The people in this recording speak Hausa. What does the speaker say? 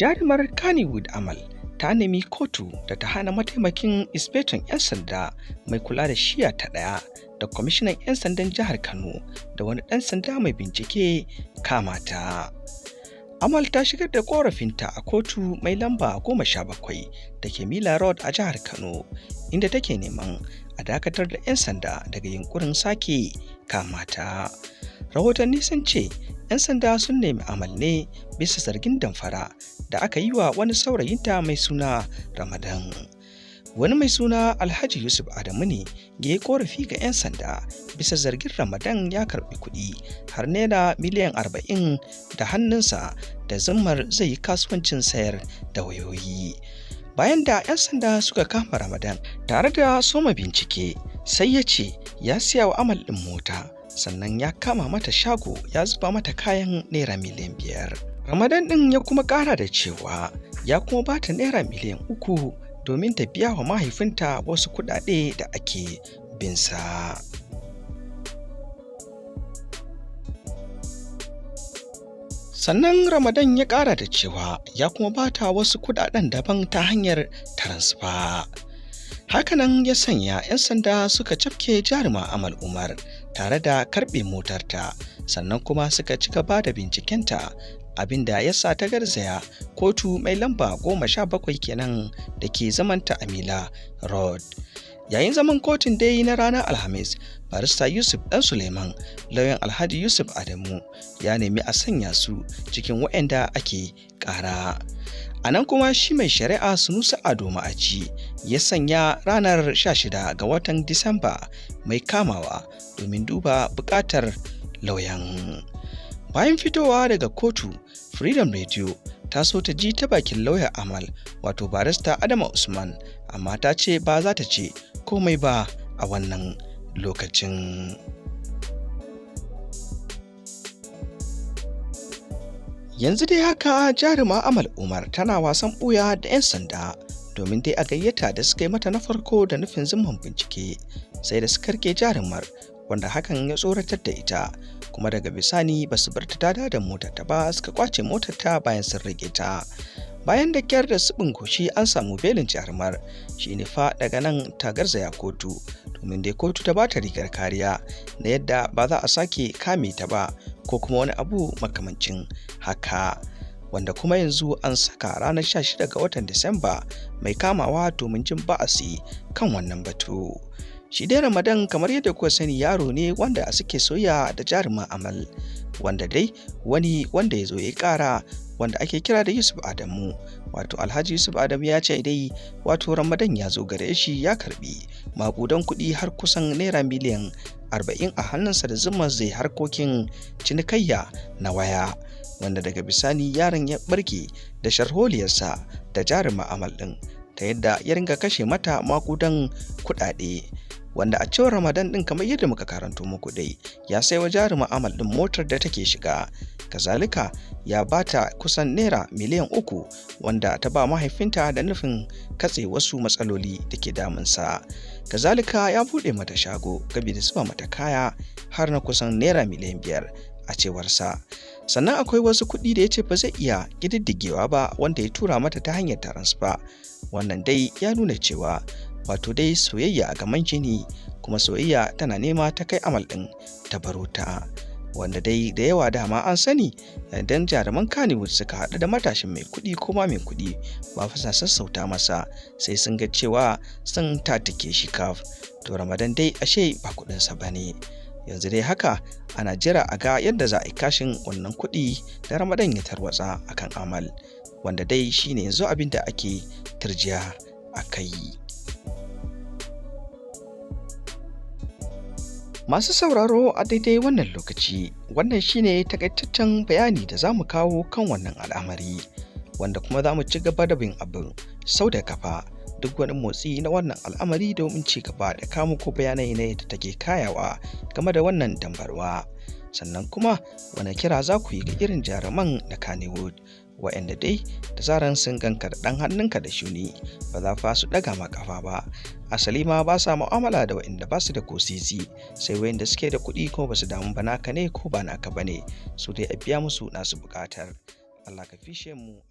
jarumar kannywood amal ta nemi kotu da ta hana mataimakin inspector 'yan sanda mai kula da shiya ta ɗaya da kwamishinan 'yan sandan jihar kano da wani ɗan sanda mai bincike kamata. amal ta shigar da ƙorafinta a kotu mai lamba goma sha bakwai da ke mila road a jihar kano inda take neman a dakatar da 'yan sanda daga yunkurin sake kamata, rahoton rahotanni sun ce 'yan sanda sun nemi amal ne bisa zargin damfara da aka yi wa wani saurayinta mai suna ramadan wani mai suna alhaji yusuf adamu ne ya yi korafi ga 'yan sanda bisa zargin ramadan ya karbi kuɗi har naira miliyan 40 da hannunsa da zimmar zai yi kasuwancin sayar da wayoyi bayan da 'yan sanda suka kama ramadan tare da soma bincike sai ya ce ya siya wa amal ɗin mota sannan ya kama mata shago ya zuba mata kayan naira miliyan biyar ramadan ɗin ya kuma ƙara da cewa ya kuma ba ta naira miliyan uku domin ta biya wa mahaifinta wasu kuɗaɗe da ake binsa sannan ramadan ya ƙara da cewa ya kuma ba ta wasu kuɗaɗen daban ta hanyar transfer hakanan ya sanya 'yan sanda suka cafke jaruma amal umar tare da karɓe motarta sannan kuma suka ci gaba da bincikenta abinda ya sa ta garzaya kotu mai lamba goma sha bakwai kenan da ke zamanta amila road yayin zaman kotun dai na ranar alhamis barista yusuf ɗan suleiman lauyan alhaji yusuf adamu ya nemi a sanya su cikin waɗanda ake ƙara a nan kuma shi mai shari'a sunusa ado ci ya sanya ranar 16 ga watan Disamba mai kamawa domin duba buƙatar lauyan. Bayan fitowa daga kotu, Freedom Radio ta so ta ji ta bakin lauya Amal wato barista Adama Usman, amma ta ce ba za ta ce komai ba a wannan lokacin. Yanzu dai haka jaruma Amal Umar tana wasan ɓuya da 'yan sanda. domin dai a gayyata da suka yi mata na farko da nufin zumman bincike sai da suka rike jarumar wanda hakan ya tsoratar da ita kuma daga bisani ba su bar ta da motar ta ba suka kwace motar ta bayan sun rike ta bayan da kyar da subin goshi an samu belin jarumar ne fa daga nan ta garzaya kotu domin dai kotu ta bata rigar kariya na yadda ba za a sake kame ta ba ko kuma wani abu makamancin haka wanda kuma yanzu an saka ranar 16 ga watan Disamba mai kamawa domin jin ba'asi kan wannan batu. Shi dai Ramadan kamar yadda kuka sani yaro ne wanda a suke soya da jarumin amal, wanda dai wani wanda ya zo ya kara, wanda ake kira da Yusuf Adamu. Wato Alhaji Yusuf Adamu ya ce dai wato Ramadan ya zo gare shi ya karbi maƙudan kuɗi har kusan naira miliyan arba'in a hannunsa da zuma zai harkokin cinikayya na waya wanda daga bisani yaron ya barke da sharholiyarsa da jarin amal ɗin ta yadda ya ringa kashe mata makudan kuɗaɗe wanda a cewar ramadan ɗin kamar yadda muka karanto muku dai ya sai wa jaruma amal din motar da take shiga kazalika ya bata kusan naira miliyan uku wanda ta ba mahaifinta da nufin katse wasu matsaloli da ke damunsa kazalika ya buɗe mata shago gabi da zuba mata kaya har na kusan naira miliyan biyar a cewarsa sannan akwai wasu kuɗi da ya ce ba zai iya ƙididdigewa ba wanda ya tura mata ta hanyar transfer wannan dai ya nuna cewa wato dai soyayya ga jini kuma soyayya tana nema ta kai amal ɗin ta baro ta wanda dai da yawa dama an sani idan jaruman kanewood suka haɗu da matashin mai kuɗi ma mai kuɗi ba fasa sassauta masa sai sun ga cewa sun tatake shi kaf to ramadan dai ashe ba kuɗinsa ba ne yanzu dai haka ana jira a ga yadda za a yi kashin wannan kuɗi da ramadan ya tarwatsa akan amal wanda dai shine yanzu abin da ake turjiya a kai masu sauraro a daidai wannan lokaci wannan shine takaitaccen bayani da za mu kawo kan wannan al'amari wanda kuma za mu ci gaba da bin abin sau da kafa duk wani motsi na wannan al'amari domin ci gaba da kamo ko bayanai ne da take kayawa game da wannan tambarwa sannan kuma wani kira za ku yi ga irin jaruman na kannywood wa'anda dai da zaran sun ganka da ɗan hannunka da shuni ba za fa su ɗaga ma kafa ba asali ma ba sa mu'amala da wa'anda ba su da kosisi sai wa'anda suke da kuɗi ko ba su damu ba naka ne ko ba naka ba ne su dai a biya musu nasu buƙatar allah ka fishe mu